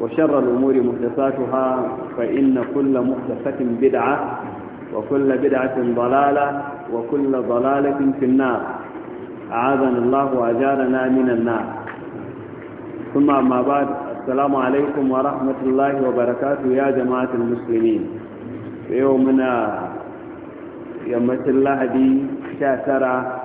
وشر الأمور محدثاتها فإن كل محدثة بدعة وكل بدعة ضلالة وكل ضلالة في النار أعاذنا الله وأجارنا من النار ثم أما بعد السلام عليكم ورحمة الله وبركاته يا جماعة المسلمين في يومنا يوم الله دي شاترة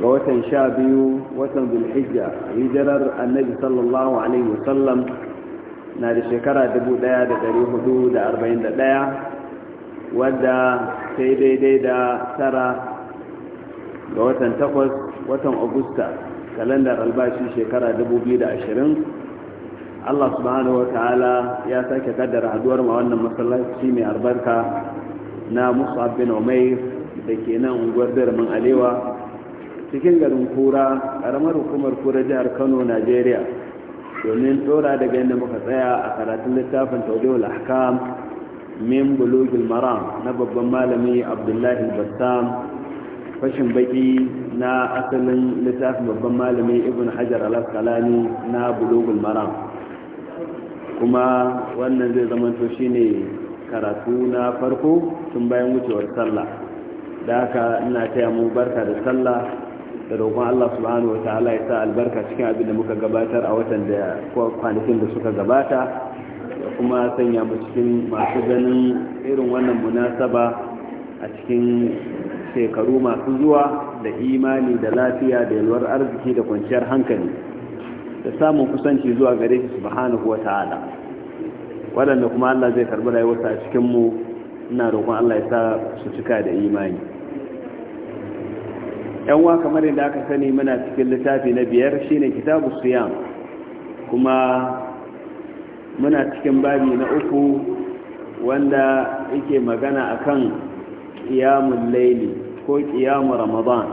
ga watan sha biyu watan zulhijja hijirar annabi sallallahu alaihi wasallam na da shekara 1441 wadda sai daidai da tara ga watan takwas watan agusta kalandar albashi shekara 2020 Allah subhanahu wa ta'ala ya sake kaddara haduwar ma wannan masallaci mai albarka na musu abin umair da ke nan unguwar birnin alewa cikin garin kura karamar hukumar kura jihar kano najeriya domin tsora daga yadda muka tsaya a karatun littafin taudewul ahkam min bulugil maram na babban malami abdullahi bassam fashin baki na asalin littafin babban malami ibn hajar al-asqalani na bulugul maram kuma wannan zai zamanto shine karatu na farko tun bayan wucewar sallah da haka ina taya mu barka da sallah da roƙon Allah subhanahu wa ta'ala ya sa albarka cikin abin da muka gabatar a watan da kwanakin da suka gabata da kuma sanya mu cikin masu ganin irin wannan munasaba a cikin shekaru masu zuwa da imani da lafiya da yalwar arziki da kwanciyar hankali da samun kusanci zuwa gare shi subhanahu wa ta'ala waɗanda kuma Allah zai karɓi rayuwarsa a cikin mu ina roƙon Allah ya sa su cika da imani yan wa kamar yadda aka sani muna cikin littafi na biyar shine kitabu siyam kuma muna cikin babi na uku wanda yake magana akan qiyamul layli ko qiyamul ramadan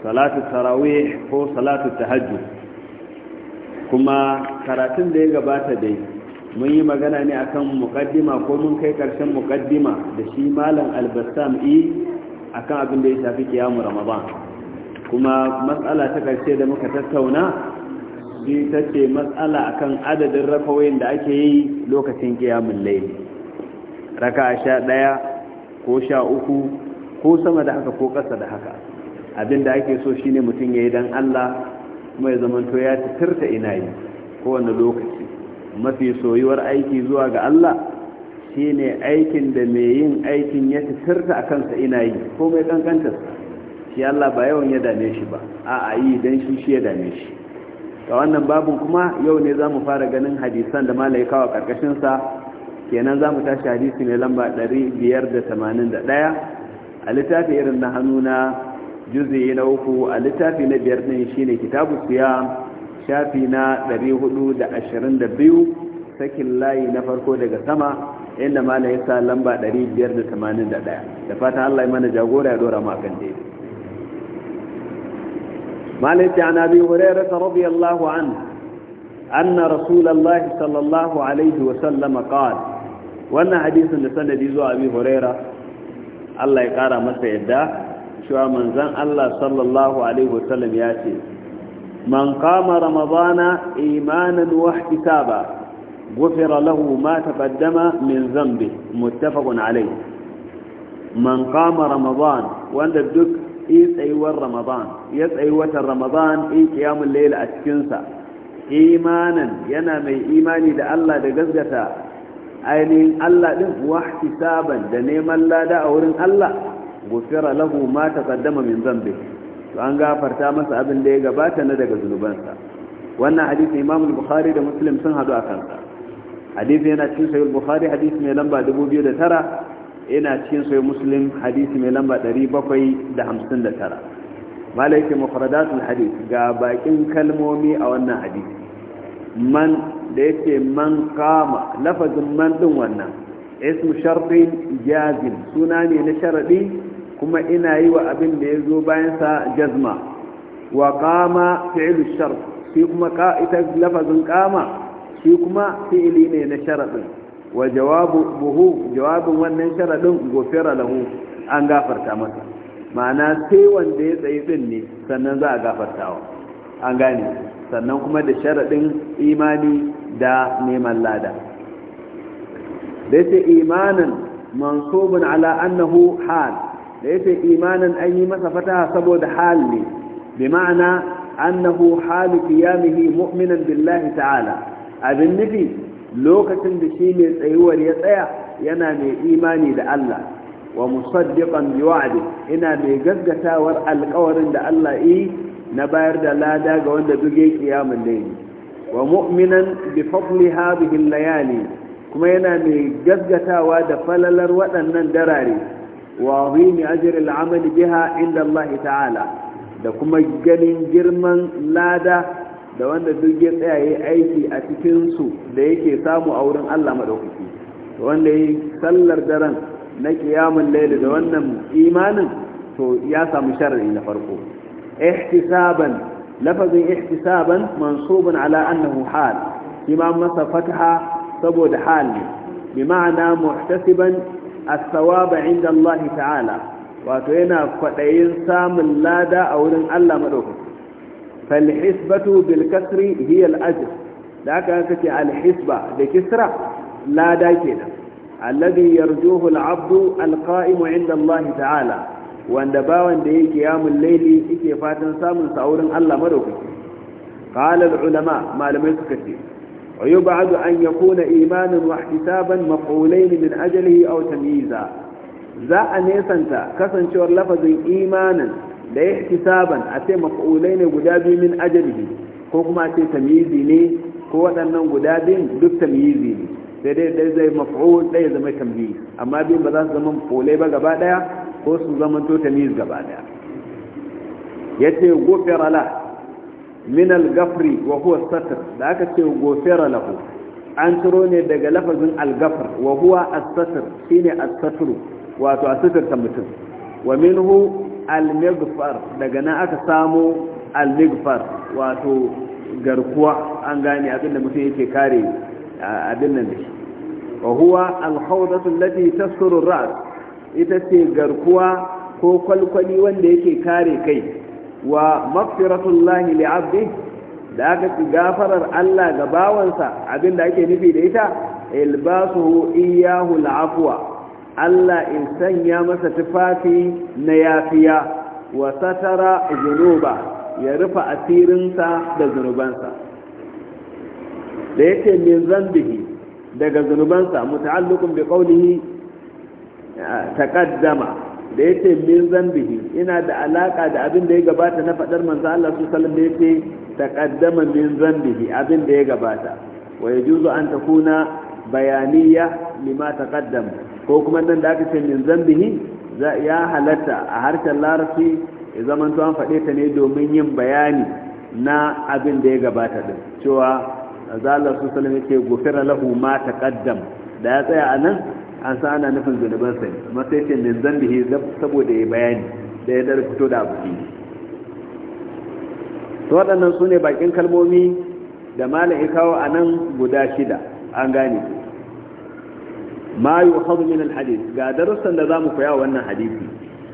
salatu tarawih ko salatu tahajjud kuma karatun da ya gabata dai mun yi magana ne akan muqaddima ko mun kai karshen muqaddima da shi malam albassam i e akan abin da ya shafi kiyamu ramadan kuma matsala ta ƙarshe da muka tattauna shi ta ce matsala akan adadin rakawoyin da ake yi lokacin kiyamun laili raka sha ɗaya ko sha uku ko sama da haka ko ƙasa da haka abin da ake so shine mutum ya yi don allah kuma ya zamanto ya tirta ina yi kowane lokaci mafi soyuwar aiki zuwa ga allah shine aikin da mai yin aikin ya sirta a kansa ina yi ko mai kankanta shi Allah ba yawan ya dame shi ba a a yi don shi shi ya dame shi ga wannan babun kuma yau ne za mu fara ganin hadisan da malai kawo karkashin kenan za mu tashi hadisi mai lamba 581 a littafi irin na hannu na juzi na uku a littafi na biyar shi ne kitabu siya shafi na 422 sakin layi na farko daga sama inda mala ya sa lamba 581 da fatan Allah ya mana jagora ya dora mu akan ya ce an abi hurairah radiyallahu anhu anna rasulullahi sallallahu alaihi wa sallam qala wannan hadisin da sanadi zuwa abi huraira Allah ya kara masa yadda cewa manzon Allah sallallahu alaihi wasallam ya ce man qama ramadana imanan wa ihtisaba غفر له ما تقدم من ذنبه متفق عليه من قام رمضان وأن الدك إيس أيوة رمضان إيس أيوة رمضان إي قيام الليل أتكنسا إيمانا ينامي إيماني دا الله دا قزقتا أينين الله دا واحتسابا دا نيم الله دا أورن الله غفر له ما تقدم من ذنبه وأن غافر تامس أبن ليه قباتا ندق ذنوبانسا wannan hadisi imam bukhari da muslim sun hadu a kansa hadisi yana cikin sahih bukhari hadisi mai lamba 2009 yana cikin sahih muslim hadisi mai lamba 759 malaike mufradatul hadith ga bakin kalmomi a wannan hadisi man da yake man kama lafazin man din wannan ismu sharfin jazim suna ne na sharaɗi kuma ina yi wa abin da ya zo bayan sa jazma wa kama fi'lu sharf sai kuma ita lafazin kama shi kuma fi'ili ne na sharadin wa jawabuhu jawabin wannan sharadin gofira lahu an gafarta masa ma'ana sai wanda ya tsayi din ne sannan za a wa, an gane sannan kuma da sharaɗin imani da neman lada da yake imanan mansubun ala annahu hal da yake imanan an yi masa fataha saboda hal ne bi ma'ana annahu halu qiyamihi mu'minan billahi ta'ala abin nufi lokacin da shi mai tsayuwar ya tsaya yana mai imani da Allah wa musaddiqan bi wa'di ina mai gaggatawar alƙawarin da Allah yi na bayar da lada ga wanda duk ya kiyamun wa mu'minan bi fadli hadhihi layali kuma yana mai gaggatawa da falalar waɗannan darare wa azimi ajri biha inda Allah ta'ala da kuma ganin girman lada da wanda duk ya tsayaye aiki a cikinsu da yake samu a wurin Allah maɗaukaki wanda ya sallar daren na ƙiyamun laili da wannan imanin to ya samu sharri na farko ihtisaban lafazin ihtisaban mansubun ala annahu hal imam masa fataha saboda hal ne bi ma'ana muhtasiban as-sawaba inda Allah ta'ala wato yana kwaɗayin samun lada a wurin Allah maɗaukaki falhisbatu bil kasri hiya al ajr da aka kace al hisba da kisra la da kenan alladhi yarjuhu al abdu al qa'im inda Allah ta'ala wanda bawan da yake yamun laili yake fatan samun sa wurin Allah madaukaki qala al ulama malamai suka ce ويبعد أن يكون إيمانا واحتسابا مفعولين من أجله أو تمييزا za a nesanta kasancewar lafazin imanin da ya ihtisaban a ce maf'ulai ne guda biyu min ajalihi ko kuma ce tamizi ne ko waɗannan guda biyun duk tamizi ne sai dai dai zai maf'ul ɗaya zama tambi amma biyun ba za su zama maf'ulai ba gaba ɗaya ko su zama to tamiz gaba ɗaya ya ce gofera la min al wa huwa satar da aka ce la ku an turo ne daga lafazin al wa huwa as shine as wato a ta mutum wa minhu al almigfar daga nan aka samo migfar wato garkuwa an gane abinda mutum yake kare abin nan da shi wa huwa al-hawdatu allati tasuru ar-ra's ita ce garkuwa ko kwalkwali wanda yake kare kai wa llahi li'abdi da aka ci gafarar Allah ga bawansa abinda ake nufi da ita ilbasuhu iyyahu al-afwa Allah in sanya masa tufafi na yafiya wa satara zunuba ya rufa asirinsa da zunubansa da yake min zambihi daga zunubansa muta'alliqun bi qawlihi taqaddama da yake min zambihi ina da alaka da abin da ya gabata na fadar manzo Allah su sallam da yake taqaddama min zambihi abin da ya gabata wa yajuzu an takuna bayaniya lima taqaddama ko kuma nan da aka ce min zambihi ya halatta a harshen larabci ya zaman an faɗe ta ne domin yin bayani na abin da ya gabata din cewa zalar su salam yake gofira lahu ma takaddama. da ya tsaya a nan an sa ana nufin zunuban sai amma sai ce min zambihi saboda ya bayani da ya dare fito da abu to waɗannan su ne bakin kalmomi da kawo a nan guda shida an gane ma yuhadu min hadis ga darussan da mu koya wannan hadisi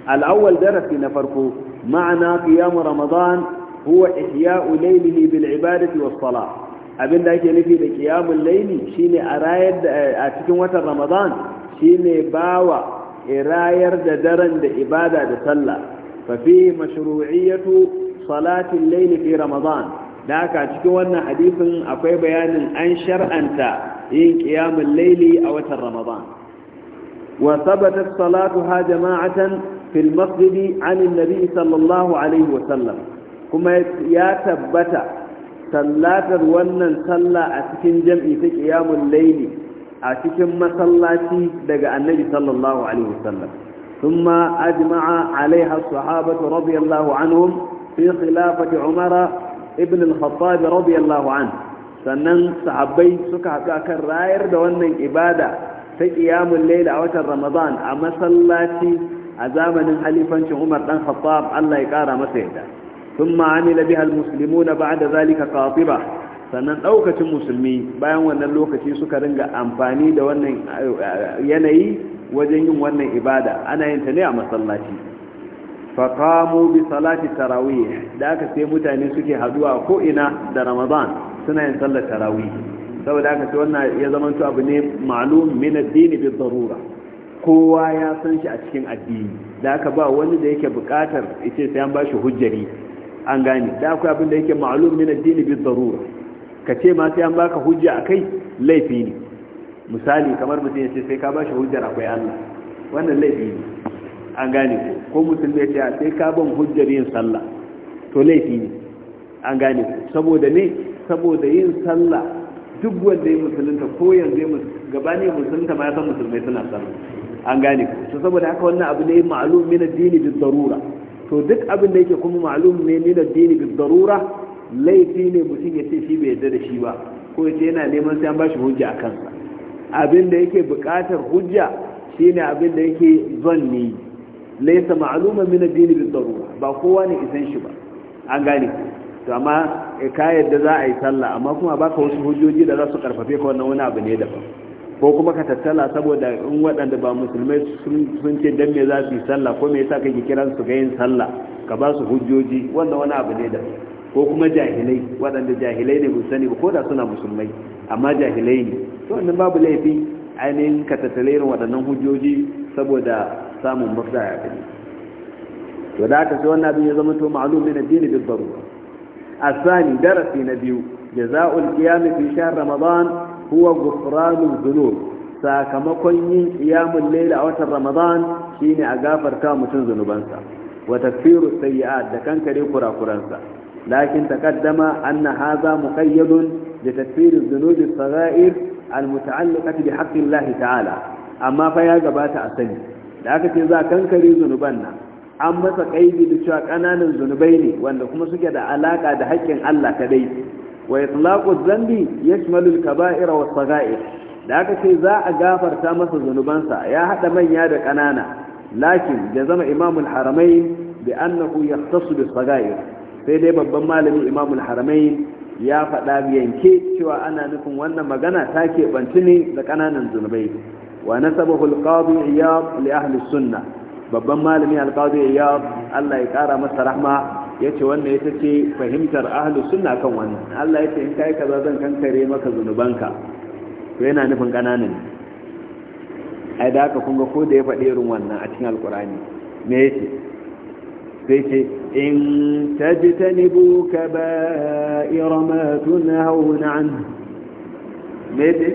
al-awwal darasi na farko ma'ana qiyam ramadan huwa ihya'u laylihi bil ibadati was salah abinda ake nufi da kiyamun layli shine a rayar a cikin watan ramadan shine bawa irayar da daren da ibada da sallah fa fi mashru'iyyatu salatil layli fi ramadan da haka cikin wannan hadisin akwai bayanin an shar'anta yin qiyamul layli a watan ramadan wa thabatat salatuha jama'atan fil masjid 'an an-nabi sallallahu alaihi wa sallam kuma ya tabbata sallatar wannan sallah a cikin jam'i ta qiyamul layli a cikin masallaci daga annabi sallallahu alaihi wa sallam ثم أجمع عليها الصحابة رضي الله عنهم في خلافة عمر ابن الخطاب رضي الله عنه sannan sahabbai suka haɗu kan rayar da wannan ibada ta ƙiyamun laila a watan ramadan a masallaci a zamanin halifancin umar ɗan khattab allah ya ƙara masa yadda sun ma'amila biha almuslimuna da zalika qatiba sannan ɗaukacin musulmi bayan wannan lokaci suka ringa amfani da wannan eh, yanayi wajen yin wannan ibada ana yin ta ne a masallaci faqamu bi salati tarawih da aka sai mutane suke haduwa ko ina da ramadan suna yin sallar tarawih saboda haka sai wannan ya zama abu ne ma'lum min addini bi darura kowa ya san shi a cikin addini da haka ba wani da yake bukatar yace sai an bashi hujjari an gane da akwai abin da yake ma'lum min addini bi darura ka ce ma sai an baka hujja akai laifi ne misali kamar mutum ya ce sai ka bashi hujjar akwai Allah wannan laifi ne an gane ko ko mutum ya ce sai ka ban hujjar yin sallah to laifi ne an gane saboda ne saboda yin sallah duk wanda ya musulunta ko yanzu ya gabani musulunta ma ya san musulmai suna sallah an gane ku to saboda haka wannan abu ne ma'lum min addini dini bi darura to duk abin da yake kuma ma'lum ne min addini dini bi darura laifi ne mutum ya ce shi bai yarda da shi ba ko ya ce yana neman sai an bashi hujja a kansa abin da yake buƙatar hujja shine abin da yake zanni laisa ma'luman min addini dini bi darura ba kowa ne isan shi ba an gane ku to amma eh, ka yadda za a yi sallah amma kuma baka wasu hujjoji da za su karfafe ka wannan wani abu ne daban ko kuma ka tattala saboda in waɗanda ba musulmai sun ce dan me za su yi sallah ko me yasa kake kiran su ga yin sallah ka ba su hujjoji wannan wani abu ne daban ko kuma jahilai waɗanda jahilai ne musulmai ba ko da suna musulmai amma jahilai ne to wannan babu laifi ainihin ka tattale irin waɗannan hujjoji saboda samun mafita ya gani to da aka ce wannan abin ya zama to ma'lumin addini bil darura الثاني درس نبيو جزاء القيام في شهر رمضان هو غفران الذنوب sakamakon yin kiyamun laila a watan ramadan shine a gafarta mutum zunubansa wa tafsiru sayyi'at da kankare kurakuransa lakin taqaddama anna hadha muqayyadun bi da dhunubi as-sagha'ir al-muta'alliqati bi haqqi Allah ta'ala amma fa ya gabata a sani da aka ce za kankare zunuban nan an masa kaidi da cewa ƙananan zunubai ne wanda kuma suke da alaka da haƙƙin Allah kadai wa itlaqu dhanbi yashmalu al-kaba'ira was-sagha'ir da aka ce za a gafarta masa zunubansa ya hada manya da ƙanana lakin da zama imamul haramain bi annahu yahtassu bis-sagha'ir sai dai babban malami imamul haramain ya faɗa yanke cewa ana nufin wannan magana ta keɓanci ne da ƙananan zunubai wa nasabahu al-qadi iyad li ahli sunnah babban malami alƙadi ya Allah ya ƙara masa rahma ya ce wannan ya ce fahimtar ahlus suna kan wannan Allah ya ce in kai kaza zan kankare maka zunubanka to yana nufin kananan ai da haka kunga ko da ya faɗi irin wannan a cikin alkurani me yake sai ce in tajtanibu kaba'ir ma tunhauna an me yake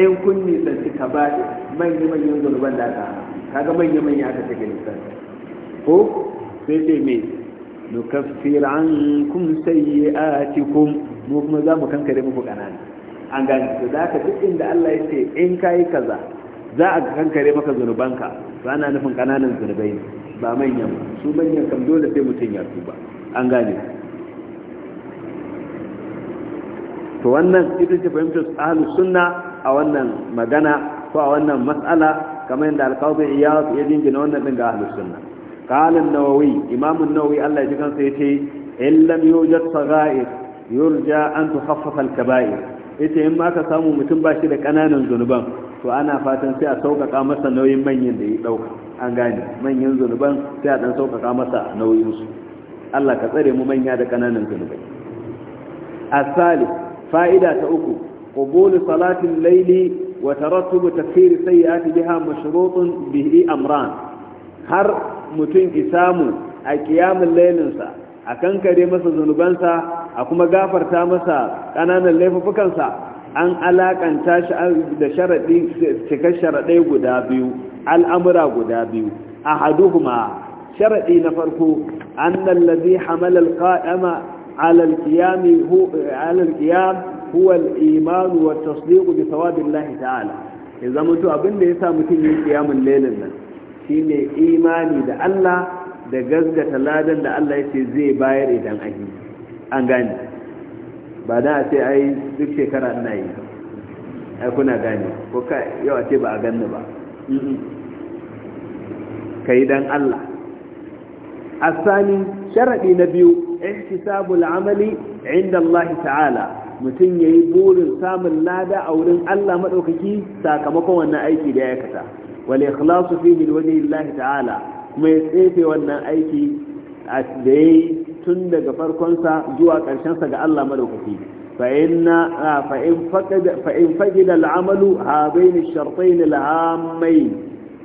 in kun nisanci ka ba manyan zunuban da aka kaga manya manya aka take lissafi ko sai ce me nukaffir ankum cikin mu kuma za mu kankare muku kanani an gane to da ka duk inda Allah ya ce in kai kaza za a kankare maka zunubanka ba ana nufin kananan zunubai ba manyan su manyan kam dole sai mutum ya tuba an gane to wannan ita ce fahimtar ahlus sunna a wannan magana ko a wannan mas'ala kamar yadda alqabi iyas ya jinjina wannan ɗin ga ahlus sunna qala nawawi imamun nawawi Allah ya ji kansa yace in lam yujad saghair yurja an tukhaffaf al-kaba'ir yace in ma ka samu mutum ba shi da kananan zunuban to ana fatan sai a sauƙaƙa masa nauyin manyan da ya ɗauka an gane manyan zunuban sai a ɗan sauƙaƙa masa nauyin su. Allah ka tsare mu manya da ƙananan zunubai asali fa'ida ta uku qubulu salatin laili وترتب تكفير السيئات بها مشروط به أمران هر متين إسامو a kiyamun lailinsa a kan kare masa zunubansa a kuma gafarta masa ƙananan laifukansa an alakanta shi da sharaɗi cikar sharaɗai guda biyu al'amura guda biyu a haduhuma sharaɗi na farko annan lazi hamalar ƙa'ama alalƙiyam huwa al-imanu wa tasdiqu bi thawabillahi ta'ala ya zama to abin da yasa mutum yin qiyamul lailin nan shine imani da Allah da gazgata ladan da Allah ce zai bayar idan an an gane ba da ce ai duk shekara ina yi ai kuna gane ko ka yau a ce ba a ganni ba kai dan Allah asani sharadi na biyu ihtisabul amali inda Allah ta'ala mutum ya yi burin samun lada a wurin Allah maɗaukaki sakamakon wannan aiki da ya kasa wale ikhlasu fihi liwajhi Allah ta'ala kuma ya tsefe wannan aiki da yi tun daga sa zuwa sa ga Allah maɗaukaki fa inna fa in faqad fa in ash al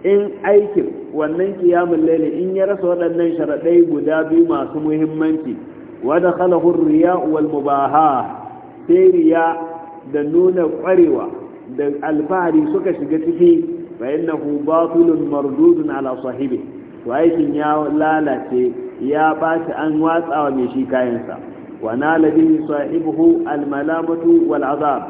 in aiki wannan qiyamul layl in ya rasa waɗannan sharadai guda biyu masu muhimmanci wa dakhalahu ar wal mubaha sai da nuna kwarewa da alfahari suka shiga ciki fa innahu batilun mardudun ala sahibi to aikin ya lalace ya baci an watsawa mai shi kayansa wa nala bihi sahibuhu almalamatu wal azab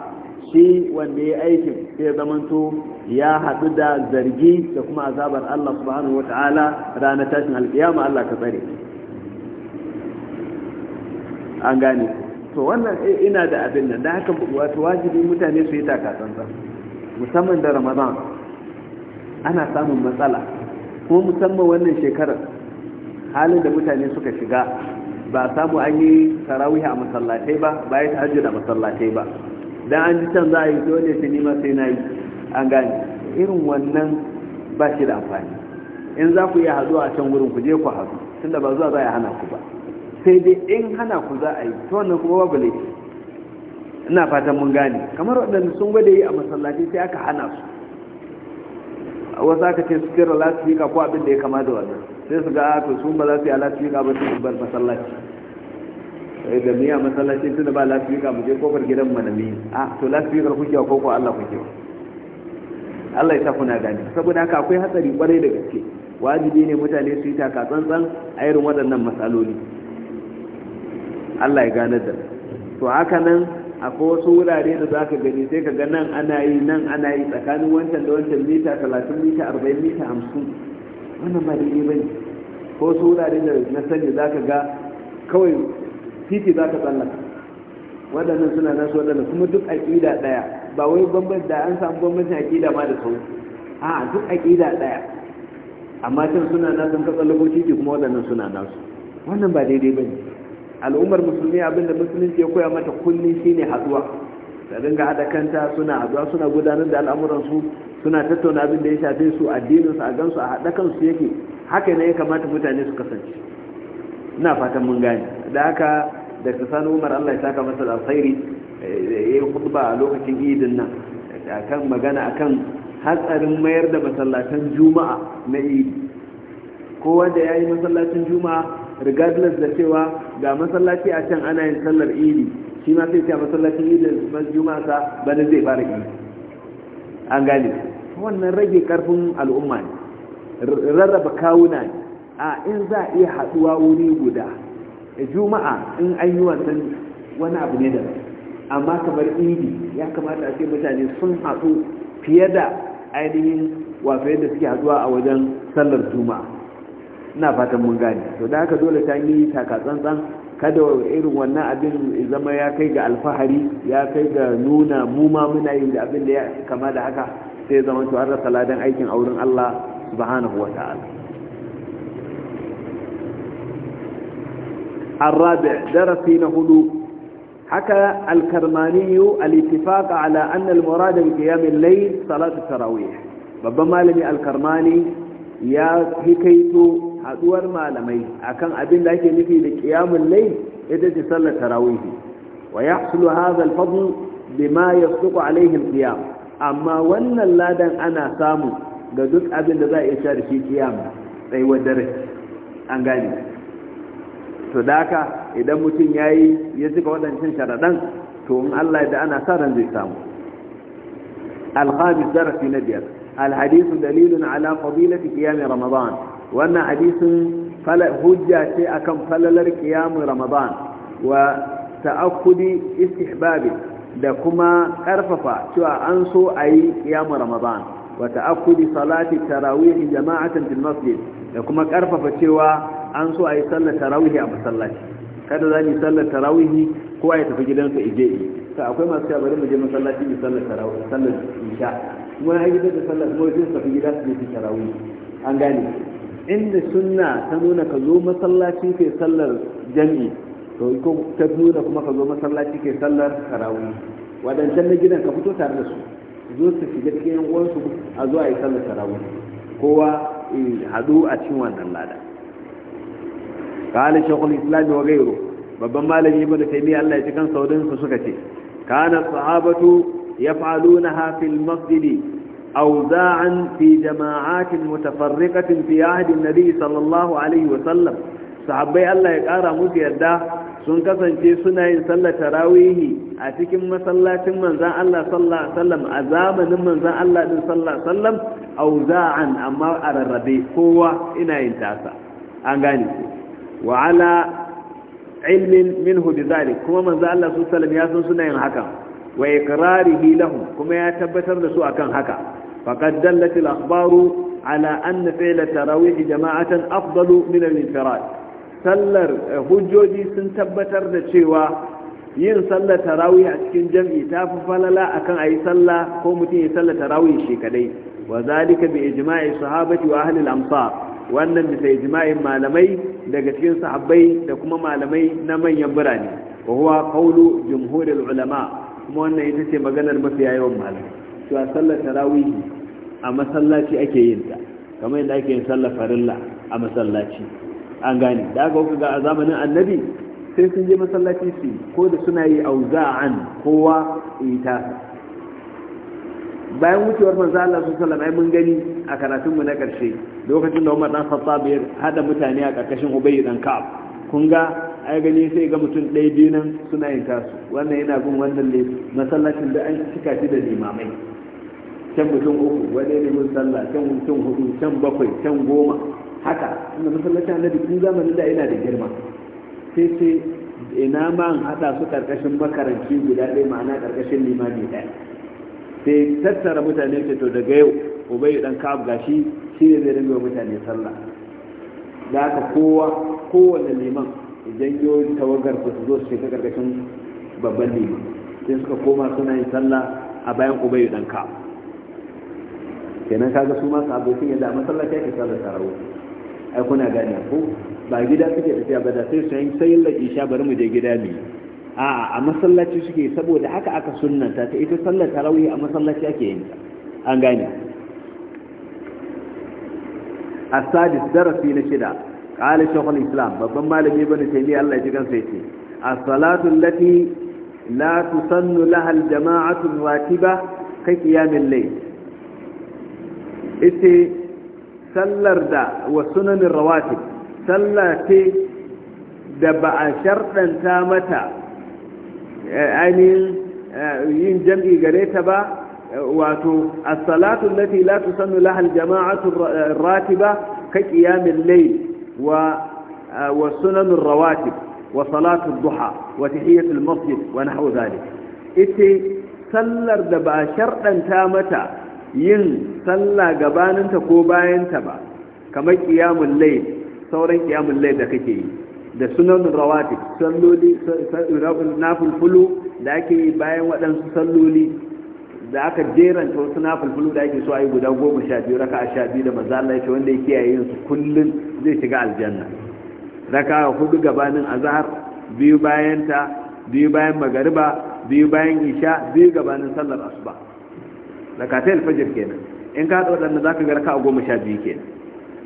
shi wanda ya aikin sai zamanto ya haɗu da zargi da kuma azabar Allah subhanahu ta'ala ranar tashin alkiyama Allah ka tsare an gane to wannan eh, ina da abin nan da haka wato wajibi mutane su yi takatsantsa musamman da ramadan ana samun matsala kuma musamman wannan shekarar halin da mutane suka shiga ba samu an yi tarawih a masallatai ba ba yi tahajjud a masallatai ba dan an ji can za a yi dole sai nima sai na yi an gane irin wannan ba shi da amfani in za ku iya hazuwa a can wurin ku je ku hazu tunda ba zuwa za a hana ku ba sai dai in hana ku za a yi ta wannan kuma babu laifi ina fatan mun gane kamar waɗanda sun gwada yi a masallaci sai aka hana su wasu aka ce su kira lasifika ko abin da ya kama da wannan sai su ga ah, to sun ba za su yi a lasifika ba su bar masallaci sai da miya masallaci tun da ba lasifika mu je kofar gidan manami a ah, to lasifikar kuke wa koko Allah kuke wa Allah ya sa kuna gane saboda haka akwai hatsari kwarai da gaske wajibi ne mutane su yi taka tsantsan a irin waɗannan matsaloli Allah ya gane da to haka nan akwai wasu wurare da za ka gani sai ka ga nan ana yi nan ana yi tsakanin wancan da wancan mita talatin mita arba'in mita hamsin wannan ba daidai ba ne ko wasu wurare da na sani za ka ga kawai titi za ka tsallaka waɗannan suna nasu waɗannan kuma duk aƙida ɗaya ba wai bambam da an samu bambancin aƙida ma da sau a duk aƙida ɗaya amma can suna nasu ka tsallako titi kuma waɗannan suna nasu wannan ba daidai ba ne al'ummar musulmi abinda musulunci ya koya mata kullum shine haduwa da dinga hada kanta suna haduwa suna gudanar da al'amuransu suna tattauna abin da ya shafe su addininsu a gansu a haɗa kansu yake haka ne ya kamata mutane su kasance ina fatan mun gane da haka da sani umar allah ya saka masa alkhairi eh, ya yi a lokacin idin nan akan magana akan hatsarin mayar da masallatan juma'a na idi kowa da ya yi masallacin juma'a regardless da cewa ga masallaci a can ana yin sallar idi shi ma sai ta masallacin idin juma'a sa bane zai fara idi an gane wannan rage karfin al'umma ne rarraba kawuna ne a in za a iya haɗuwa wuri guda juma'a in an yi wannan wani abu ne da amma kamar idi ya kamata a ce mutane sun haɗu fiye da ainihin wato da suke haɗuwa a wajen sallar juma'a ina fatan mun gane to da haka dole ta yi taka tsantsan kada irin wannan abin zama ya kai ga alfahari ya kai ga nuna mu ma muna yin da abin da ya kama da haka sai zama to har rasa ladan aikin auren Allah subhanahu wa ta'ala الرابع haka alkarmaniyu حكى الكرماني الاتفاق على أن المراد بقيام الليل صلاة التراويح بابا مالمي الكرماني يا هكيتو haduwar malamai akan abin da ake nufi da qiyamul layl ita ce sallar tarawih wa yahsulu hadha al-fadl bima yasduqu alayhi al-qiyam amma wannan ladan ana samu ga duk abin da za a iya da shi kiyam sai wadare an gane to daka idan mutum yayi ya cika wadancan sharadan to in Allah da ana sa ran zai samu al-khamis darasi na biyar الحديث دليل على فضيلة قيام رمضان wannan hadisin hujja ce akan falalar kiyamun ramadan wa ta'akkudi istihbabi da kuma karfafa cewa an so a yi kiyamun ramadan wa ta'akkudi salati tarawih jama'atan fil masjid da kuma karfafa cewa an so a yi sallar tarawih a masallaci kada zan yi sallar tarawih kowa ya tafi gidansa ije yi ta akwai masu cewa bari mu je masallaci mu sallar tarawih sallar isha kuma ya yi da sallar kuma sai su tafi gida su je tarawih an gane inda sunna ta nuna ka zo masallaci ke sallar jami'i to ko ta nuna kuma ka zo masallaci ke sallar tarawih wadancan na gidan ka fito tare da su zo su shiga cikin yan uwansu a zo a yi sallar tarawih kowa eh, haɗu a cikin wannan lada qala shaykhul islam wa ghayru babban malami ibnu taymiya Allah ya ji kan saudin su suka ce kana sahabatu yaf'alunaha fil masjidi أوزاعا في جماعات متفرقة في عهد النبي صلى الله عليه وسلم صحابي الله يقارى موسى يداه sun kasance suna yin sallar tarawihi a cikin masallacin manzan Allah sallallahu alaihi wasallam a zamanin manzan Allah sallallahu alaihi wasallam auza'an amma a kowa ina yin tasa an gane wa ala ilmin minhu bizalik kuma manzan Allah sallallahu alaihi ya san suna yin haka wa iqrarihi lahum kuma ya tabbatar da su akan haka فقد دلت الأخبار على أن فعل التراويح جماعة أفضل من الانفراد sallar hujjoji sun tabbatar da cewa yin sallar tarawih a cikin jam'i ta fi falala akan ayi salla ko mutum ya sallar tarawih shi kadai wa zalika bi ijma'i sahabati wa ahli al-amsar wannan bisa ijma'in malamai daga cikin sahabbai da kuma malamai na manyan birane wa huwa qawlu jumhurul ulama kuma wannan ita ce maganar mafiya yawan malamai sallar tarawih a masallaci ake yin ta kamar yadda ake yin sallar farilla a masallaci an gane da aka ga a zamanin annabi sai sun je masallaci su ko da suna yi auza'an kowa ita bayan wucewar manzo Allah su sallama ai mun gani a karatun mu na karshe lokacin da Umar dan Khattab ya hada mutane a karkashin Ubay dan Ka'ab kun ga ai gani sai ga mutum ɗaya biyu nan suna yin tasu wannan yana bin wannan ne masallacin da an cika shi da limamai can mutum uku wani ne mun sallah can mutum hudu can bakwai can goma haka inda masallacin annabi tun zamanin da yana da girma sai sai ina ma an haɗa su karkashin makaranci guda ɗaya ma'ana ƙarƙashin limami ɗaya sai tattara mutane ce to daga yau ubai dan ka'ab gashi shi ne zai dinga mutane sallah da haka kowa kowane liman idan yo tawagar su zo su shiga ƙarƙashin babban liman sai suka koma suna yin sallah a bayan ubai dan ka'ab kenan kaga su ma abokin yadda a masallaci ake sa da tarawo ai kuna gani ko ba gida suke tafiya ba da sai su yin sayin laki sha bari mu je gida mu a a masallaci suke saboda haka aka sunnanta ta ita sallar tarawih a masallaci ake yin ta an gane as-sadis darasi na shida qala shaykhul islam babban malami bane sai Allah ya ji kansa yace as-salatu allati la tusannu laha al-jama'atu al-watiba kai qiyamul layl ita sallar da wa sunanin rawati salla ce da ba a sharɗanta mata eh, ainihin eh, yin jam'i gare ta ba wato a salatu allati la lahal laha al-jama'atu ratiba ka ƙiyamin lai wa eh, wa sunan ar wa salatu duha wa tahiyatu masjid wa nahwu dhalik ita sallar da ba sharɗanta mata yin sallah gabaninta ko bayanta ba kamar qiyamul layl sauran qiyamul layl da kake yi da sunan rawati salloli nafulfulu da ake yi bayan waɗansu salloli da aka jeranta wasu nafulfulu da ake so a yi guda goma sha biyu raka sha biyu da maza Allah ya wanda ya kiyaye yin su kullum zai shiga aljanna raka hudu gabanin azhar biyu bayan ta biyu bayan magariba biyu bayan isha biyu gabanin sallar asuba raka ta alfajir kenan in ka haɗa waɗannan za ka ga raka a goma sha biyu ke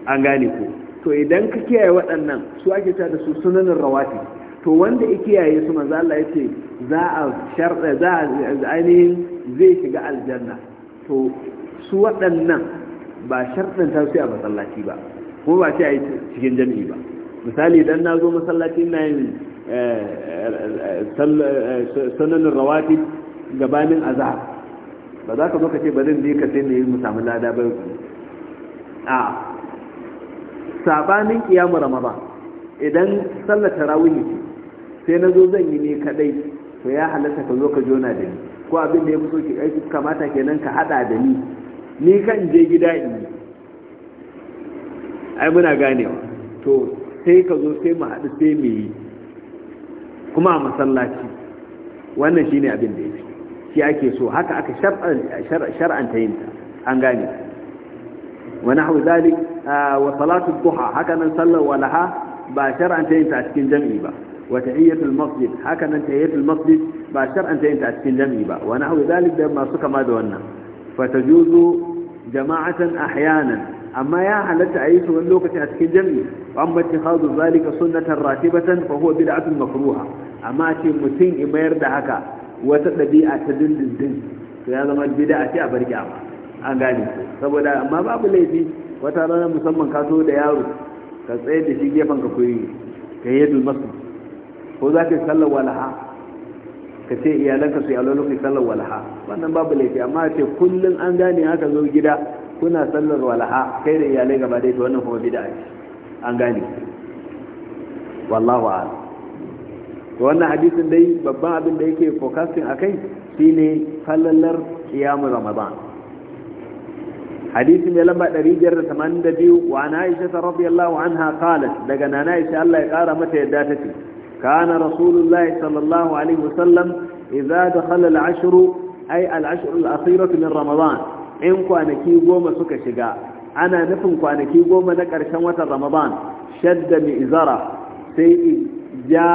an gane ku. to idan ka kiyaye waɗannan su ake ta da su sunanin rawati to wanda ya kiyaye su manzo Allah ya ce za a sharɗa za a ainihin zai shiga aljanna to su waɗannan ba sharɗan ta su a masallaci ba ko ba sai a yi cikin jami'i ba misali idan na zo masallaci na yin eh, eh, eh, sunanin rawati gabanin azhar ba za ka zo ka ce bari ne ka sai ne mu samu lada ba a sabanin kiyamu ba. idan sallar tarawih sai na zo zan yi ne kadai to ya halatta ka zo ka jona da ni ko abin da ya fito ki aiki kamata kenan ka hada da ni ni kan je gida in yi ai muna ganewa to sai ka zo sai mu hadu sai mu yi kuma a masallaci wannan shine abin da ya shi ake so haka aka shar'anta yin an gane wani nahwu zalik wa salatu duha haka nan sallar walaha ba shar'anta yin a cikin jam'i ba wa tahiyatul masjid haka nan tahiyatul masjid ba shar'anta yin a cikin jam'i ba wani nahwu zalik da masu kama da wannan fa tajuzu jama'atan ahyanan amma ya halatta a yi su wani lokaci a cikin jami'i an bacci hazu zalika sunnatan ratibatan fa huwa bid'atun makruha amma ce mutum in mayar da haka wata ɗabi'a ta dindindin to ya zama bid'a ce a bar gyama an gane saboda amma babu laifi wata rana musamman ka so da yaro ka tsaye da shi gefen ka koyi ka yi yadda masu ko za ka yi sallar walaha ka ce iyalanka su yi alwala ku sallar walaha wannan babu laifi amma ce kullum an gane haka zo gida kuna sallar walaha kai da iyalai gaba dai to wannan kuma bid'a ce an gane wallahu a'lam to wannan hadisin dai babban abin da yake focusing akai shine fallalar qiyam ramadan hadisi mai lamba 582 wa ana aisha radiyallahu anha qalat daga nana aisha Allah ya ƙara mata yadda tace kana rasulullahi sallallahu alaihi wasallam idza dakhala al-ashr ay al-ashr al min ramadan in kwanaki goma suka shiga ana nufin kwanaki goma na ƙarshen watan ramadan shadda mi'zara sai ja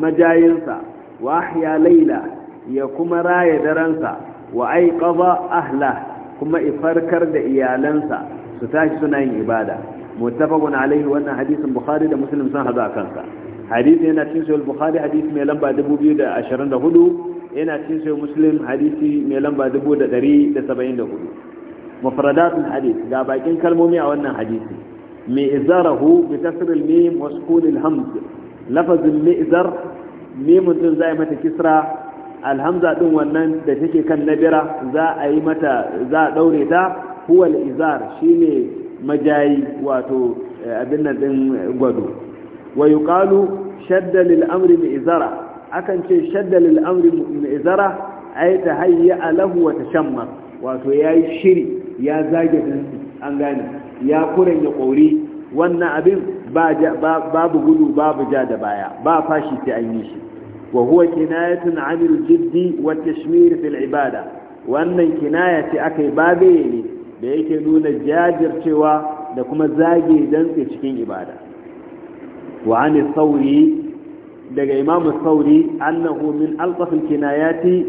majayinsa wa ahya laila ya kuma raya daransa wa aiqadha ahla kuma ifarkar da iyalansa su tashi suna yin ibada muttafaqun alaihi wannan hadisin bukhari da muslim sun haza kansa hadisi yana cikin sahih bukhari hadisi mai lamba 2024 yana cikin sahih muslim hadisi mai lamba 1174 mufradatul hadis ga bakin kalmomi a wannan hadisi mai izarahu bi kasr al mim wa sukun hamz lafazin mi'zar mimun din za a yi mata kisra alhamza din wannan da take kan nabira za a yi mata za a daure ta huwal izar shine majayi wato eh, abin nan din gwado wa yuqalu shadda lil'amri mi'zara akan ce shadda lil amri mi'zara ay tahayya lahu wa tashammar wato yayi shiri ya zage an gane ya kuren ya kori wannan abin babu gudu babu ja da baya ba fashi sai an yi shi wa huwa kinayatun anil jiddi wa tashmir fil ibada wannan kinaya ce akai babe ne da yake nuna jajircewa da kuma zage dantse cikin ibada wa an sauri daga imamu sauri annahu min alqafil kinayati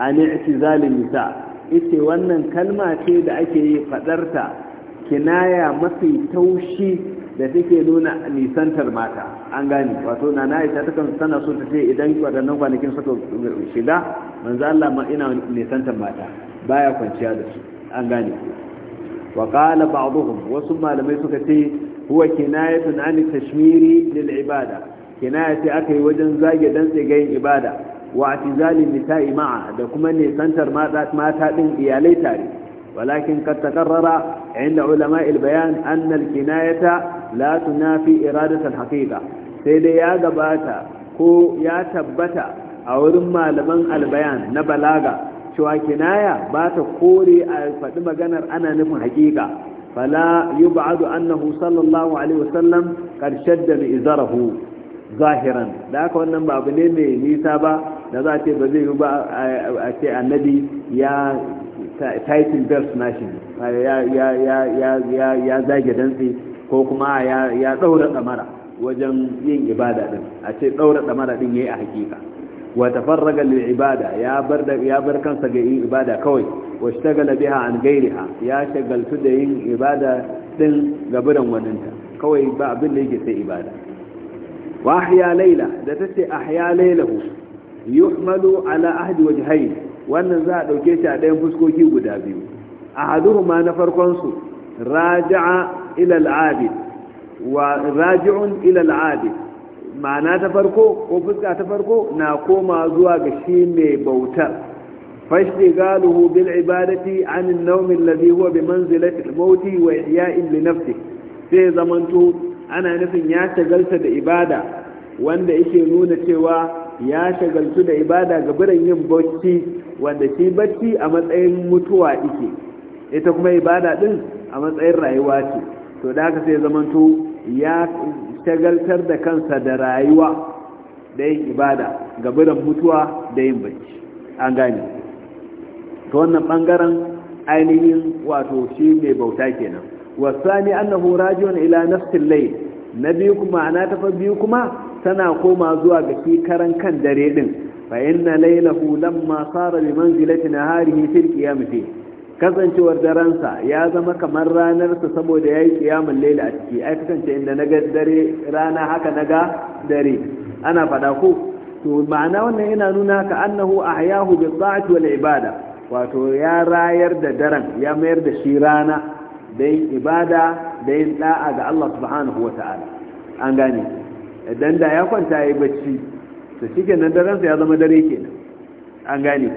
an i'tizalin nisa ita wannan kalma ce da ake yi fadarta kinaya mafi taushi da take nuna nisantar mata an gane wato na na aisha tana so ta ce idan waɗannan kwanakin suka shiga manzo Allah ma ina nisantar mata baya kwanciya da su an gane wa qala ba'dhum wasu malamai suka ce huwa kinayatun an tashmiri lil ibada kinaya sai aka yi wajen zage dan tsigayin ibada wa atizalin nisa'i ma'a da kuma nisantar mata din iyalai tare ولكن قد تقرر عند علماء البيان أن الكناية لا تنافي إرادة الحقيقة سيدي يا قباتا كو يا تبتا أو رمى لمن البيان نبلاغا شوى كناية بات كوري فدما جنر أنا نفن حقيقة فلا يبعد أنه صلى الله عليه وسلم قد شد بإزاره ظاهرا ذاك wannan ba abu ne mai nisa ba da za a ce ba zai yi ba a ce annabi ya title belt nashi ya zage dantse ko kuma ya daura ɗamara wajen yin ibada ɗin a ce ɗaura ɗamara ɗin ya yi a hakika wata farraga lil ibada ya bar ya bar kansa ga yin ibada kawai wa shtagala biha an gairiha ya shagaltu da yin ibada din gaburan waninta kawai ba abin da yake sai ibada wa ahya layla da tace ahya laylahu yuhmalu ala ahdi wajhayhi wannan za a ɗauke shi a ɗayan fuskoki guda biyu A ma na farkon raja'a ila al'abid wa raji'un ila al'abid ma'ana ta farko ko fuska ta farko na koma zuwa ga shi mai bautar galuhu bil ibadati an an-nawm huwa bi manzilati al-maut wa ihya'in li nafsi sai zamantu ana nufin ya tagalta da ibada wanda yake nuna cewa ya shagaltu da ibada ga birin yin bacci wanda shi bacci a matsayin mutuwa ike ita kuma ibada din a matsayin rayuwa ce to da haka sai zamanto ya shagaltar da kansa da rayuwa da yin ibada ga birin mutuwa da yin bacci an gane to wannan bangaren ainihin wato shi mai bauta kenan wasani annahu rajiun ila nafsil layl na biyu kuma ana tafa biyu kuma tana koma zuwa ga shi kan dare din fa inna laylahu lamma sara bi manzilati naharihi fil qiyamati fi kasancewar daransa ya zama kamar ranarsa saboda yayi qiyamul layla a ciki ai kasance inda naga dare rana haka naga dare ana fada ko to ma'ana wannan yana nuna ka annahu ahyahu bi ta'ati wal ibada wato ya rayar da daren ya mayar da shi rana dai ibada da da'a ga Allah subhanahu wa an gane idan da ya kwanta ya yi bacci to shi kenan daransa ya zama dare kenan an gane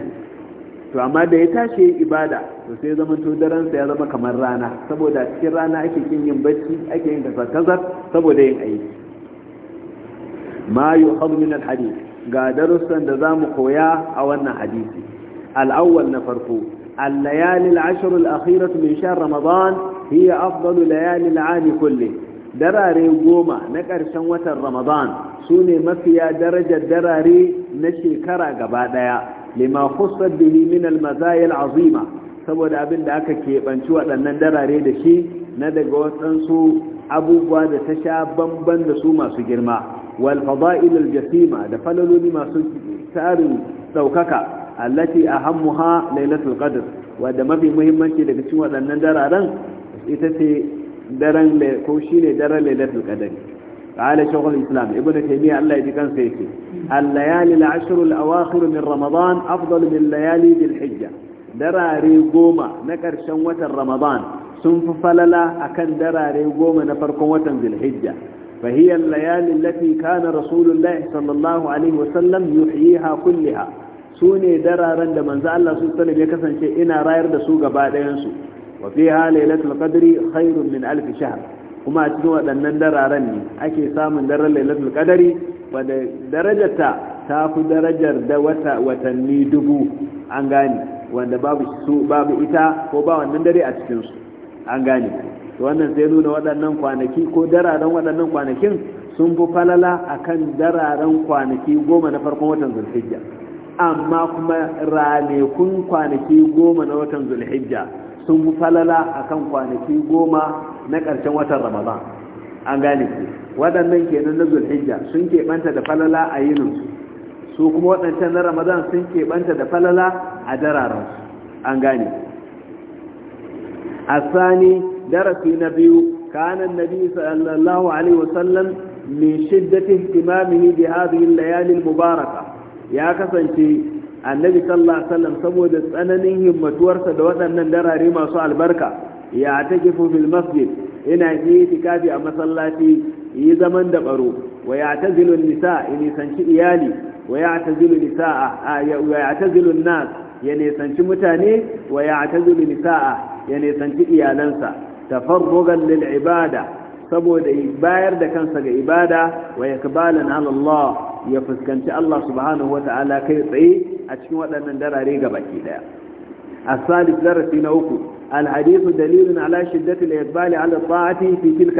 to amma da ya tashi ya ibada to sai ya zama to daransa ya zama kamar rana saboda cikin rana ake kin yin bacci ake yin kasar saboda yin aiki ma yuhadu min alhadith ga darussan da zamu koya a wannan hadisi al na farko al-layali al-ashr al-akhirah min shahr ramadan hiya afdalu layali al kulle. kulli darare goma na ƙarshen watan ramadan su ne mafiya darajar darare na shekara gaba ɗaya lima khusar bihi min almazayil azima saboda abin da aka keɓanci waɗannan darare da shi na daga waɗansu abubuwa da ta sha bamban da su masu girma wal fada'il al-jasima da falaloli masu tarin ɗaukaka allati ahammuha lailatul qadr wadda mafi muhimmanci daga cikin waɗannan dararen ita ce daren ko shine daren lailatul qadari قال شيخ الإسلام ابن تيمية الله يجيكم سيكي الليالي العشر الأواخر من رمضان أفضل من ليالي ذي الحجة دراري قومة نكر شنوة رمضان سنف فللا أكن دراري قومة نفر قوة ذي الحجة فهي الليالي التي كان رسول الله صلى الله عليه وسلم يحييها كلها سوني درارا لمن زال الله سبحانه وتعالى يكسن شيء إنا راير دسوق بعد ينسو wa fiha lailatul qadri khairun min alf shahr kuma a cikin waɗannan dararen ne ake samun daren lailatul qadari wadda darajarta ta fi darajar da wata watanni dubu an gane wanda babu su babu ita ko ba wannan dare a cikin su an gane wannan sai nuna waɗannan kwanaki ko dararen waɗannan kwanakin sun fi falala akan dararen kwanaki goma na farkon watan zulhijja amma kuma ranakun kwanaki goma na watan zulhijja sun falala a kan kwanaki goma na ƙarshen watan ramadan an gane ku waɗannan kenan na zulhijja sun keɓanta da falala a yininsu su kuma waɗancan na ramadan sun keɓanta da falala a dararensu an gane a sani darasi na biyu kanan nabi sallallahu alaihi wasallam min shiddati ihtimamihi bi hadhihi al-layali al-mubaraka ya kasance annabi sallallahu alaihi wasallam saboda tsananin himmatuwarsa da waɗannan darare masu albarka ya take fil masjid ina yi itikafi a masallaci yi zaman da baro wa ya tazilu nisa in nisanci iyali wa ya nisa wa ya tazilu nas ya nisanci mutane wa ya nisa ya nisanci iyalansa tafarrugan lil ibada saboda bayar da kansa ga ibada wa yakbalan ala Allah ya fuskanci Allah subhanahu wa ta'ala kai tsaye a cikin waɗannan darare ga baki daya الثالث درس dalilin ala دليل على ala الإقبال على الطاعة في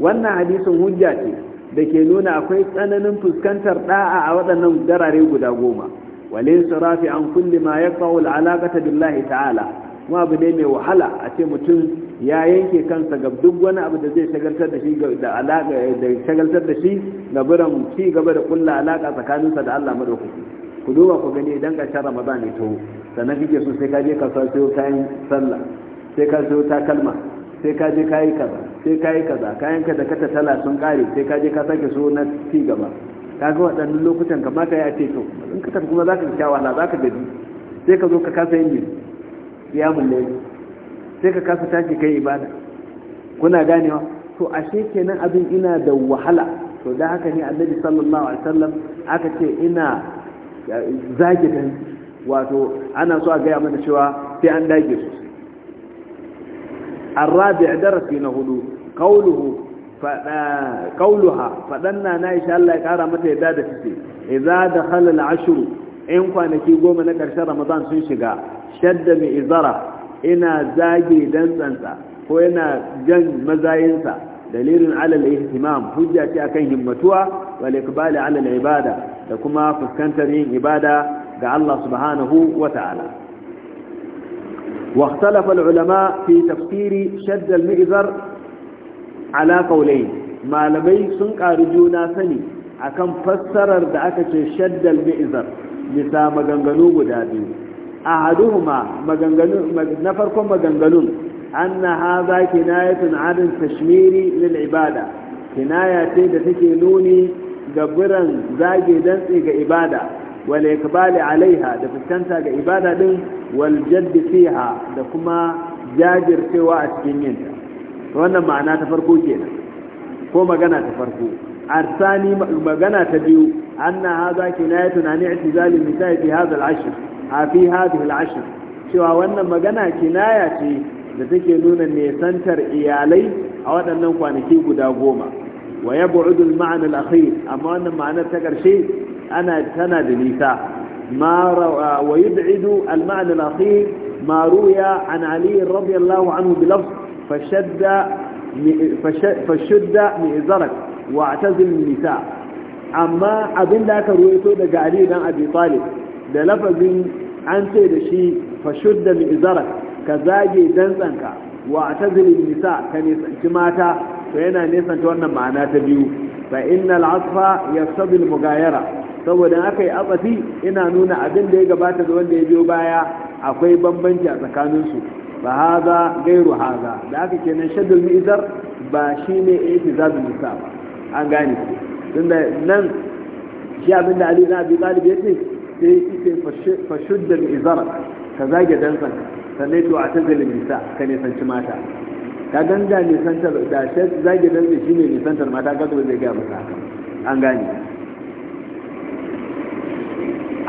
wannan hadisin hujja ce da ke nuna akwai tsananin fuskantar da'a a waɗannan darare guda goma walin sirafi an kulli ma ya kawo al'alaƙata billahi ta'ala kuma abu ne mai wahala a ce mutum ya yanke kansa ga duk wani abu da zai shagaltar da shi da alaƙa da shagaltar da shi ga biran ci gaba da kulla alaƙa tsakaninsa da Allah madaukaki ku duba ku gani idan ka ƙarshen ramadan ne to sannan kike so sai ka je ka ka yi sallah sai ka ta takalma sai ka je yi kaza sai ka yi kaza kayan ka da kata tala sun kare sai ka je ka sake so na ci gaba kaga waɗannan lokutan kamata ya ce to in ka tafi kuma za ka sha wahala za ka gaji sai ka zo ka kasa yin Ya kiyamun sai ka kasa tashi kai ibada kuna ganewa to ashe kenan abin ina da wahala to da haka ne annabi sallallahu alaihi wasallam aka ce ina zaki ta wato ana so a gaya mana cewa sai an dage su an rabi a darasi na hudu eh, kauluha faɗanna na isha Allah ya kara mata yadda da fice iza da halal ashiru in kwanaki goma na ƙarshen ramadan sun shiga shadda ma'izara izara ina zage dantsansa ko yana jan mazayinsa dalilin alal ihtimam hujja ce akan himmatuwa wal iqbal ala al ibada da kuma fuskantar yin ibada ga Allah subhanahu wa ta'ala واختلف العلماء في تفسير شد المئزر على قولين ما لمي سنقى رجونا سني أكم فسر دعك شد المئزر نسا مغنغنو بدابي أحدهما مغنغنو نفركم مغنغنون أن هذا كناية عن التشمير للعبادة كناية تيدا تكينوني قبرا زاجي دنسي كعبادة والإقبال عليها دفتنسا كعبادة والجد فيها دكما جاجر سوى أتكينينتا wannan ma'ana ta farko kenan ko magana ta farko arsani magana ta biyu anna hadha kinayatun an i'tizal an-nisa fi hadha al-ashr fi hadhihi al cewa wannan magana kinaya ce da take nuna nesantar iyalai a waɗannan kwanaki guda goma wa ya bu'udul ma'anar akhir amma wannan ma'anar ta karshe ana tana da nisa wa yud'idu al ma'anar akhir ma ruya an ali radiyallahu anhu bi lafz fashadda fashadda mi'zarak wa atazil nisa amma abin da aka ruwaito daga ali dan abi talib da lafazin an ce da shi fashadda mi'zarak ka zage dantsanka wa atazilin nisa ka nisanci mata to yana nesanta wannan ma'ana ta biyu fa innal asfa yaqtadi mugayara saboda aka yi abati ina nuna abin da ya gabata da wanda ya biyo baya akwai bambanci a tsakaninsu ba haza gairu haza da aka kenan shaddul mi'zar ba shine i'tizazul nisa ba an gane tunda nan shi abin da Ali na Abi Talib yace sai yace fashuddul izar ka zage dantsanka sannan to a da nisa ka nisanci mata ta ganga nisantar da zage dantse shi ne nisantar mata gaba zai gaya masa haka an gane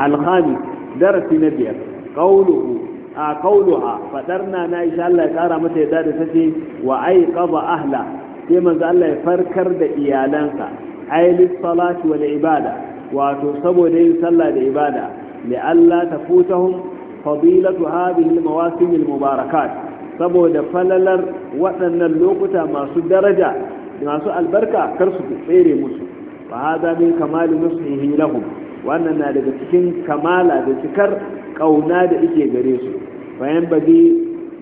alhami darasi na biyar kauluhu a kauluha fadar na na isha Allah ya kara mata yadda da tace wa ai qaba ahla sai manzo Allah ya farkar da iyalansa ai lis salati wal ibada wato saboda yin sallah da ibada li Allah tafutahum fadilatu hadhihi al-mawasim al-mubarakat saboda falalar waɗannan lokuta masu daraja masu albarka kar su tsere musu fa hada min kamal nusihi lahum wannan na daga cikin kamala da cikar kauna da yake gare su bayan bagi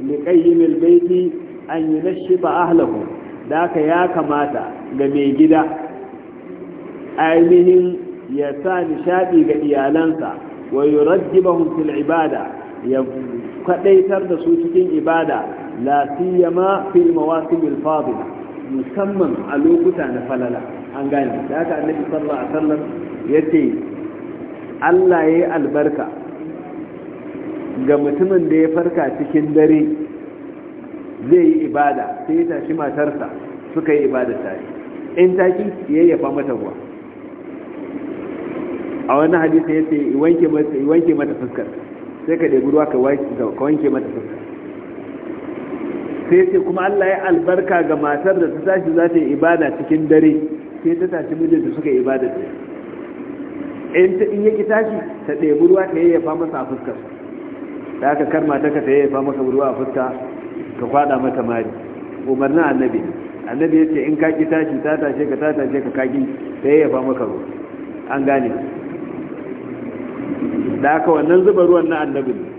liqayyim al-bayti an yunashshiba ahlahu da ka ya kamata ga mai gida ainihin ya sa nishadi ga iyalansa wa yuraddibahum fil ibada ya kadaitar da su cikin ibada la siyama fil mawasim al fadila musamman a lokuta na falala an gane da haka annabi sallallahu alaihi wasallam yace Allah yayi albarka ga mutumin da ya farka cikin dare zai yi ibada sai ya shi matarsa suka yi ibada tare in taki yayyafa mata ruwa a wani hadisi ya ce wanke mata fuskar sai ka ɗebi ruwa ka wanke mata fuskar sai ce kuma Allah ya albarka ga matar da ta tashi za ta yi ibada cikin dare sai ta tashi mijin da suka yi ibada ta in ta in yake tashi ta ɗebi ruwa ta yayyafa masa a fuskar da aka kar mata ka ta yayyafa masa ruwa a fuska ka kwada mata mari umarnin annabi annabi ya ce in ka ki tashi ta tashe ka ta tashe ka kaki ta yayyafa maka ruwa an gane da aka wannan zuba ruwan na annabi ne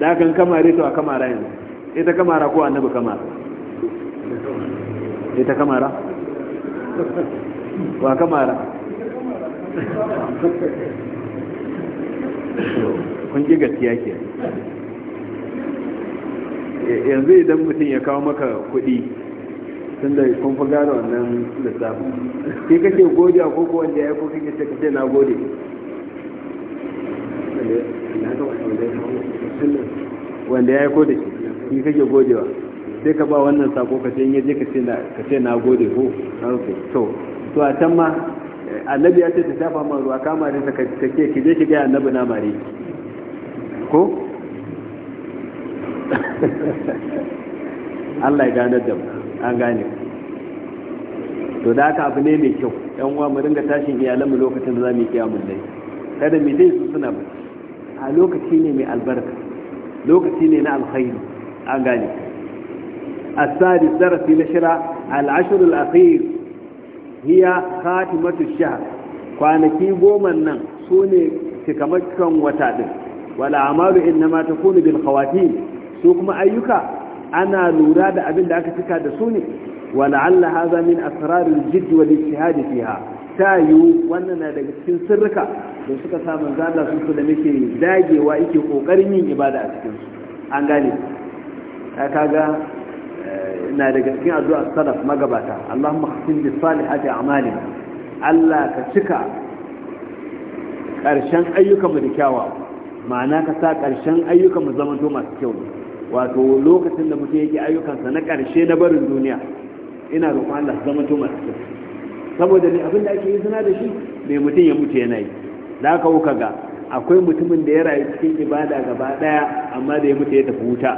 da aka kamare to a kamara yanzu ita kamara ko annabi kamara ita kamara wa kamara kun ji gaskiya ke eh, yanzu idan mutum ya kawo maka kuɗi tun da kun fi gano wannan lissafin ke kake gode ko ko wanda ya yi ko kake ce na gode wanda ya yi da shi kake godewa sai ka ba wannan sako ka sai yaje ka ce na gode ko to to a can ma annabi ya ce ta shafa man ruwa kama da ka ce ki je ki gaya annabi na mare ko Allah ya gane da an gane to da aka abu ne mai kyau yan uwa mu ringa tashin iyalanmu mu lokacin da za mu yi kiyamun dai kada mu dai su suna ba a lokaci ne mai albarka lokaci ne na alkhairu an gane asadi darasi na shira al'ashir al'akhir hiya khatimatu shahr kwanaki goma nan su ne cikamakan wata din wala amalu innama takunu bil khawatim su kuma ayyuka ana lura da abin da aka cika da su ne ولعل هذا من أسرار الجد والاجتهاد fiha ta yiwu wannan na daga cikin sirrika da suka samu manzo Allah su da muke dagewa yake kokarin yin ibada a cikin su an gane ka kaga eh, na daga cikin addu'a salaf magabata Allahumma khatim bi salihati a'mali Allah ka cika karshen ayyukan mu da kyawa ma'ana ka sa karshen ayyukan mu zaman to masu kyau wato lokacin da mutum yake ayyukansa na karshe na barin duniya ina roƙon Allah zama to masu kyau saboda ne abin da ake yi suna da shi mai mutum ya mutu yana yi za ka wuka ga akwai mutumin da ya rayu cikin ibada gaba daya amma da ya mutu ya tafi wuta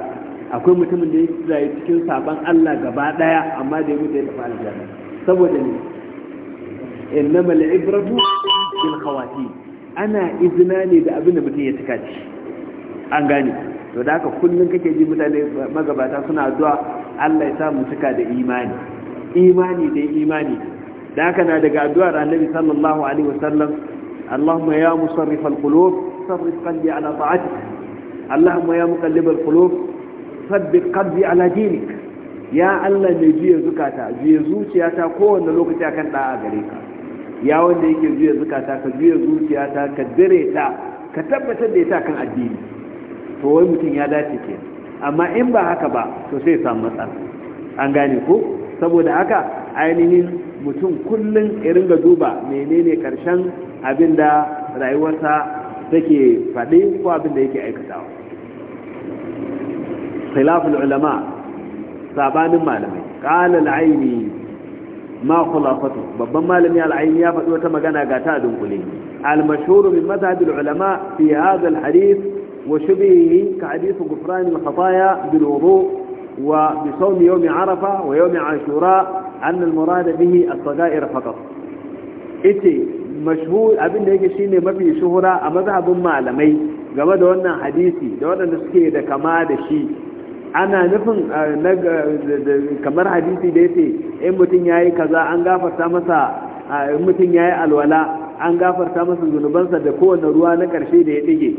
akwai mutumin da ya rayu cikin saban Allah gaba daya amma da ya mutu ya tafi aljanna saboda ne innama al-ibratu bil khawati ana izina ne da abin da mutum ya tuka shi an gane to da haka kullun kake ji mutane magabata suna addu'a Allah ya sa mu tuka da imani imani da imani da haka na daga addu'ar annabi sallallahu alaihi wasallam Allahumma ya musarrif al-qulub sarrif qalbi ala ta'atik Allahumma ya muqallib al-qulub sabbit qalbi ala dinik ya Allah ne juya zukata juya zuciyata kowanne lokaci akan da'a gare ka ya wanda yake juya zukata ka juya zuciyata ka dire ta ka tabbatar da ita kan addini to wai mutum ya dace ke amma in ba haka ba to sai samu matsala an gane ko saboda haka ainihin mutum kullum ya ringa duba menene karshen abin da rayuwarsa take faɗi ko abin da yake aikatawa khilaful ulama sabanin malamai qala al-aini ma khulafatu babban malami al-aini ya faɗi wata magana ga ta dunkule al-mashhur min madhhab al-ulama fi hadha al-hadith wa shubihi ka hadith ghufran al-khataya bil wudu' wa bi yawm يوم wa yawm ashura أن المراد به الصغائر فقط إتي مشهور أبن mafi شيني a شهرة أمذهب malamai, game da wannan hadisi da waɗanda suke da kama da shi ana nufin kamar hadisi da yake in mutum ya yi kaza an gafarta masa mutum ya yi alwala an gafarta masa zunubansa da kowane ruwa na ƙarshe da ya ɗige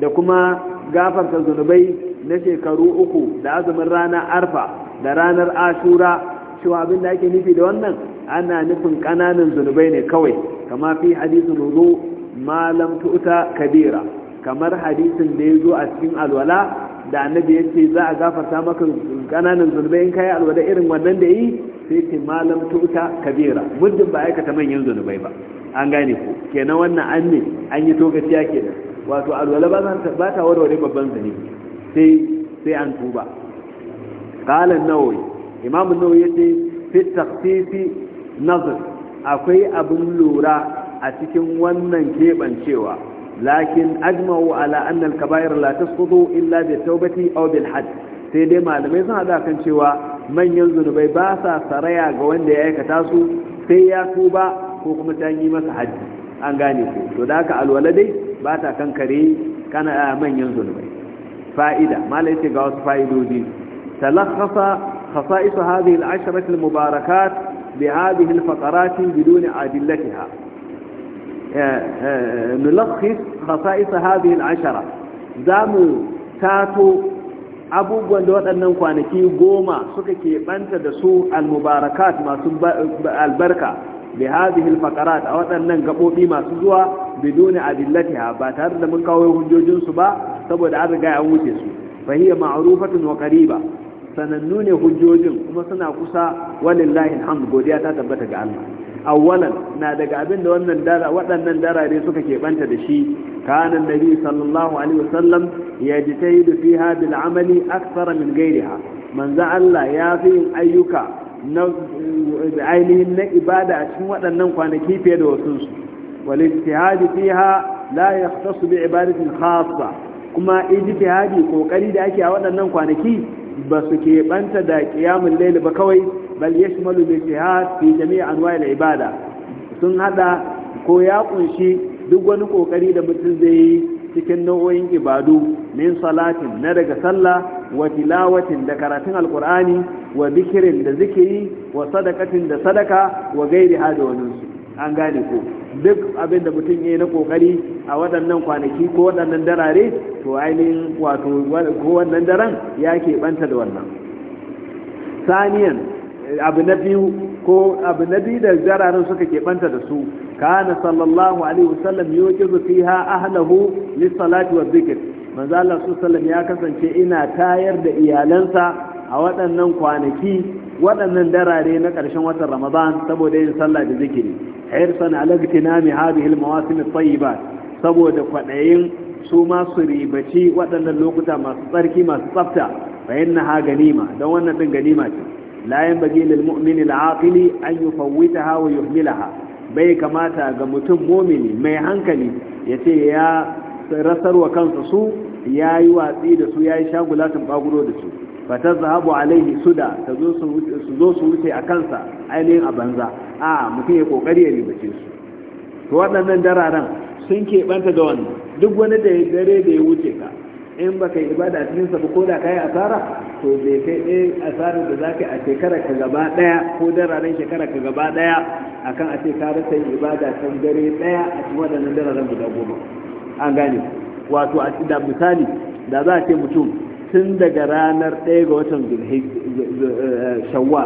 da kuma gafarta zunubai na shekaru uku da azumin ranar arfa da ranar asura. cewa abin da ake nufi da wannan ana nufin ƙananan zunubai ne kawai kama fi hadisin wudu ma tu'ta kabira kamar hadisin da ya zo a cikin alwala da annabi ya ce za a gafarta maka ƙananan zunubai in kai alwala irin wannan da yi sai ce ma tu'ta kabira muddin ba aikata manyan zunubai ba an gane ku kenan wannan an ne an yi tokaciya kenan wato alwala ba ta warware babban zunubi sai sai an tuba قال nawawi imamu nawa ya ce fi taktisi nazar akwai abin lura a cikin wannan keɓancewa lakin ajma'u ala annal kabair la tasqutu illa bi tawbati aw bil hadd sai dai malamai sun hada kan cewa manyan zunubai ba sa saraya ga wanda ya aikata su sai ya tuba ko kuma ta yi masa hajji an gane ku to da haka alwala dai ba ta kankare kana manyan zunubai fa'ida malai ce ga wasu fa'idodi talakhasa خصائص هذه العشرة المباركات بهذه الفقرات بدون أدلتها نلخص خصائص هذه العشرة زامو تاتو abubuwan da waɗannan kwanaki goma suka keɓanta da su almubarakat masu albarka bi hadhihi a waɗannan gaɓoɓi masu zuwa biduni adillatiha ba tare da mun kawo hujjojinsu ba saboda an riga a wuce su fa hiya ma'rufatun wa sanannu ne hujjojin kuma suna kusa walillahi alhamd godiya ta tabbata ga Allah awwalan na daga abin da wannan dara waɗannan darare suka keɓanta da shi kana nabi sallallahu alaihi wasallam yajtahidu fiha bil amali akthara min ghayriha manzo Allah ya fi yin ayyuka na ainihin na ibada a cikin waɗannan kwanaki fiye da wasu su wal fiha la yahtasu bi ibadatin khassa kuma ijtihadi kokari da ake a waɗannan kwanaki ba su keɓanta da ƙiyamun laili ba kawai bal ya shi malu fi jami'a anwa da ibada sun hada ko ya kunshi duk wani kokari da mutum zai yi cikin nau'o'in ibadu min salatin na daga sallah wa tilawatin da karatun alkur'ani wa bikirin da zikiri wa sadakatin da sadaka wa gairi da waninsu an gane ko duk abin da mutum ya yi na kokari a waɗannan kwanaki ko waɗannan darare to ainihin wato ko wannan daren ya keɓanta da wannan saniyan abu na biyu ko abu na biyu da jararin suka keɓanta da su kana sallallahu alaihi wasallam yuqizu fiha ahlahu lis-salati wa zikir. manzo Allah sallallahu ya kasance ina tayar da iyalansa a waɗannan kwanaki waɗannan darare na ƙarshen watan Ramadan saboda yin sallah da zikiri hirsan ala iktinami hadhihi al-mawasim at-tayyibat saboda kwaɗayin su ma su ribaci waɗannan lokuta masu tsarki masu tsafta na ha ganima don wannan ɗin ganima ce layan bagi lil mu'mini al aqili an yufawwitaha yuhmilaha bai kamata ga mutum mumini mai hankali ya ce ya rasar wa kansa su ya yi watsi da su ya yi shagulatin baguro da su fata zahabu alaihi suda ta zo su wuce a kansa ainihin a banza a mutum ya kokari ya ribace su to waɗannan dararen sun keɓanta da wannan duk wani da ya dare da ya wuce ka in ba ka yi ibada cikin sa ko da ka asara to bai kai ɗaya asarar da za ka yi a shekara ka gaba ɗaya ko dararen shekara ka gaba ɗaya akan a ce ka rasa yin ibada can dare ɗaya a cikin waɗannan dararen guda goma an gane wato a da misali da za a ce mutum tun daga ranar ɗaya ga watan shawwa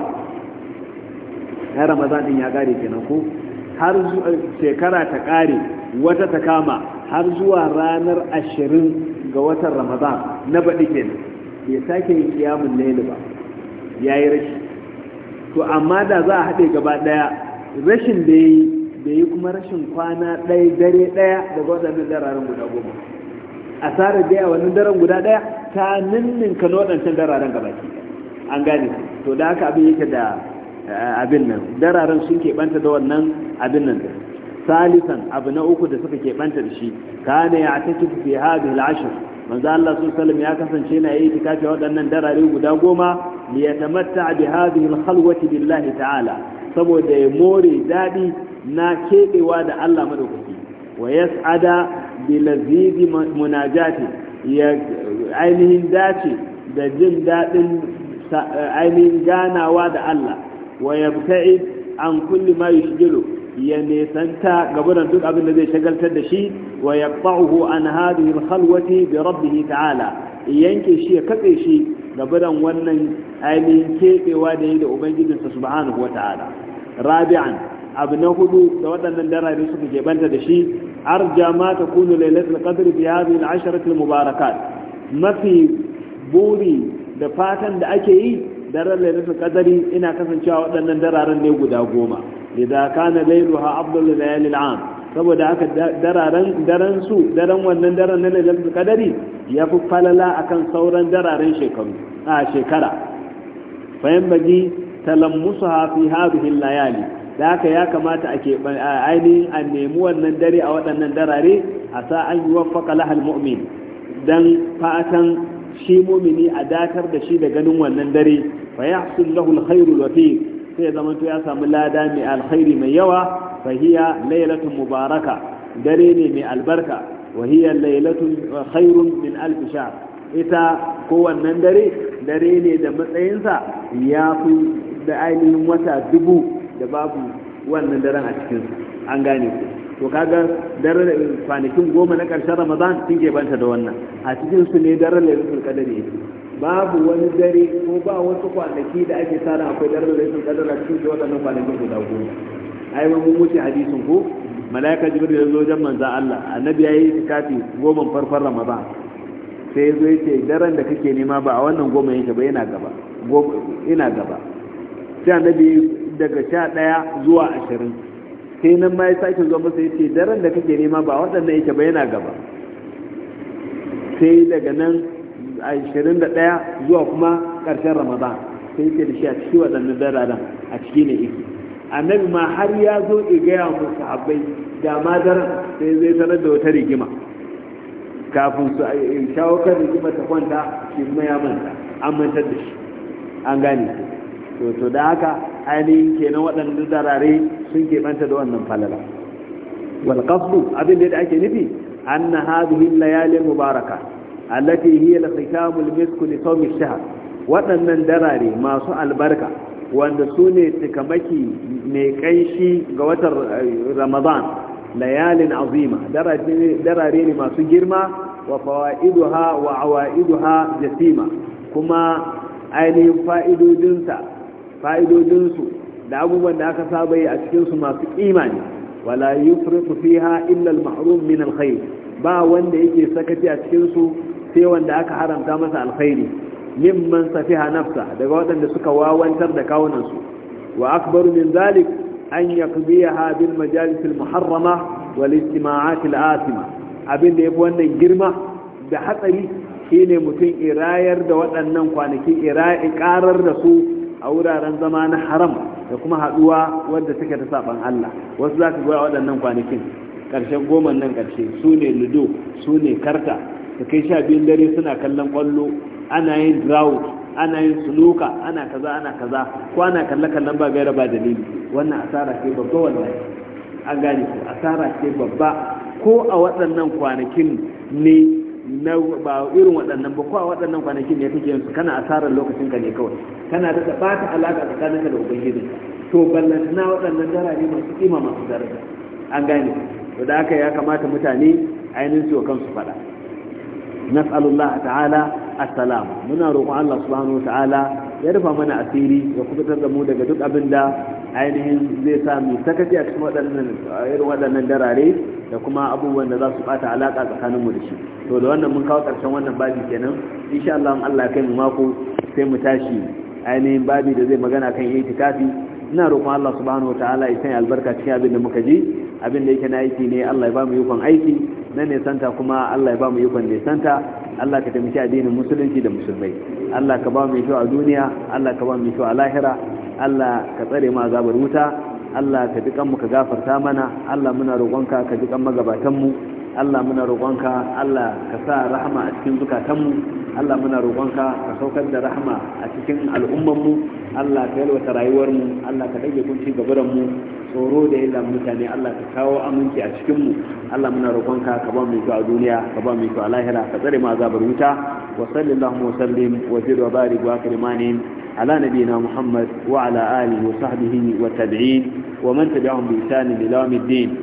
na ramadan ya ƙare kenan ko har shekara ta ƙare wata ta kama har zuwa ranar ashirin ga watan ramadan na baɗi kenan ya sake yin kiyamun laili ba ya yi rashi to amma da za a haɗe gaba ɗaya rashin da yi yi kuma rashin kwana ɗaya dare ɗaya daga waɗannan dararen guda goma tsara da yawa wannan daren guda ɗaya ta ninninka na waɗancan dararen gaba ke an gane to da haka abin yake da eh, abin nan dararen sun keɓanta da wannan abin nan salisan abu na uku da suka keɓanta da shi kana ya take fi hadhihi al manzo Allah sun alaihi ya kasance na yi tikafi waɗannan darare guda goma li yatamatta bi hadhihi al-khalwati billahi ta'ala saboda ya more dadi na keɓewa da Allah madaukaki wa yas'ada bi lazidi munajati ya ainihin dace da jin dadin ainihin ganawa da Allah wa yabta'id an kulli ma yushgilu ya nesanta gaburan duk abin da zai shagaltar da shi wa yaqta'uhu an hadhihi al-khalwati bi rabbih ta'ala yanke shi ya katse shi gaburan wannan ainihin kebewa da yi da ubangijinsa subhanahu wa ta'ala rabi'an abu na hudu da waɗannan darari suka ke banta da shi arja ma ta kunu lailatul qadr bi hadhihi al-asharati al-mubarakat mafi buri da fatan da ake yi daren lailatul qadri ina kasancewa waɗannan dararen ne guda goma idza kana lailuha afdalu layalil al'am saboda haka dararen daren su daren wannan daren na lailatul qadari yafi falala akan sauran dararen shekaru a shekara fa yanbaghi talammusuha fi hadhihi layali da haka ya kamata a ainihin a nemi wannan dare a waɗannan darare a sa an yi waffaka lahal mu'min don fatan shi mumini a datar da shi da ganin wannan dare fa ya hasul lahul khairul sai ya zama to ya samu lada mai alkhairi mai yawa fa hiya mubaraka dare ne mai albarka wa hiya lailatun khairun min alf shahr ita kowannen dare dare ne da matsayinsa ya fi da ainihin wata dubu da babu wannan daren a cikin an gane ku to kaga dare kwanakin goma na ƙarshen ramadan sun ke banta da wannan a cikin su ne daren lailatul ne. babu wani dare ko ba wasu kwanaki da ake tsara akwai dare da sun kadar da cikin waɗannan kwanakin guda goma ai mun wuce hadisin ko malaika jibril ya zo jan manzo Allah annabi ya yi tikafi goma farfar ramadan sai zo ya ce daren da kake nema ba a wannan goma yake ba yana gaba ina gaba sai annabi daga sha ɗaya zuwa ashirin sai nan ma ya sake zuwa masa ya ce daren da kake nema ba a waɗannan yake ba yana gaba sai daga nan 21 zuwa kuma ƙarshen ramadan sai yake da shi a cikin waɗannan dararen a ciki ne yake annabi ma har ya zo ya gaya mu sahabbai da ma daren sai zai sanar da wata rigima kafin su eh, shawo kan rigima ta kwanta shi kuma ya manta an mantar da shi an gane to to da haka ainihin kenan waɗannan darare sun keɓanta da wannan falala wal qasdu abin da ake nufi anna hadhihi layali mubaraka allati hiya al-khitamul misk li sawmi ash-shahr waɗannan darare masu albarka wanda su ne tikamaki mai kanshi ga watan ramadan layalin azima darare ne masu girma wa fawa'iduha wa awa'iduha jasima kuma ainihin fa'idodinsa fa'idodinsu da abubuwan da aka saba yi a cikinsu masu imani wala yufritu fiha illa al-mahrum min al ba wanda yake sakaci a cikinsu sai wanda aka haramta masa alkhairi mimman safiha nafsa daga waɗanda suka wawantar da kawunansu wa akbaru min zalik an yaqdiha bil majalis al muharrama wal istima'at al asima abin da yafi wannan girma da hatsari shine mutum irayar da waɗannan kwanaki ira'i karar da su a wuraren zama na haram da kuma haduwa wadda take ta saban Allah wasu za goya waɗannan kwanakin ƙarshen goma nan karshe su ne ludo su ne karta da kai sha biyun dare suna kallon kwallo ana yin drought ana yin suluka ana kaza ana kaza ko ana kalle kallon ba gaira ba dalili wannan asara ce babba wallahi an gane ku asara ce babba ko a waɗannan kwanakin ne na ba irin waɗannan ba ko a waɗannan kwanakin ne kake yansu kana asarar lokacin ka ne kawai kana da bata alaka ka da ubangiji to ballantana waɗannan ne masu kima masu daraja an gane to da haka ya kamata mutane ainihin su kansu faɗa nas'alullah ta'ala assalam muna roƙon Allah subhanahu ta'ala ya rufa mana asiri ya kubutar da mu daga duk abin da ainihin zai sa mu a waɗannan irin waɗannan darare da kuma abubuwan da za su bata alaka tsakanin mu da shi to da wannan mun kawo ƙarshen wannan babi kenan insha Allah Allah kai mu mako sai mu tashi ainihin babi da zai magana kan itikafi ina roƙon Allah subhanahu ta'ala ya sanya albarka cikin abin da muka ji abin da yake na aiki ne Allah ya ba mu yi aiki na nisanta kuma Allah ya ba mu ikon nisanta Allah ka taimaki addinin musulunci da musulmai Allah ka ba mu kyau a duniya Allah ka ba mu kyau a lahira Allah ka tsare mu azabar wuta Allah ka dukan mu ka gafarta mana Allah muna roƙonka ka dukan magabatan mu Allah muna roƙonka Allah ka sa rahama a cikin zukatanmu Allah muna roƙonka ka saukar da rahama a cikin al'ummanmu Allah ka yalwata rayuwarmu Allah ka dage kunci mu tsoro da illa mutane Allah ka kawo aminci a cikinmu Allah muna roƙonka ka ba mu a duniya ka ba mu a lahira ka tsare ma azabar wuta wa sallallahu wa sallim wa zid wa barik wa akrimanin ala nabiyina Muhammad wa ala alihi wa sahbihi wa tabi'in wa man tabi'ahum bi ihsan ila yawm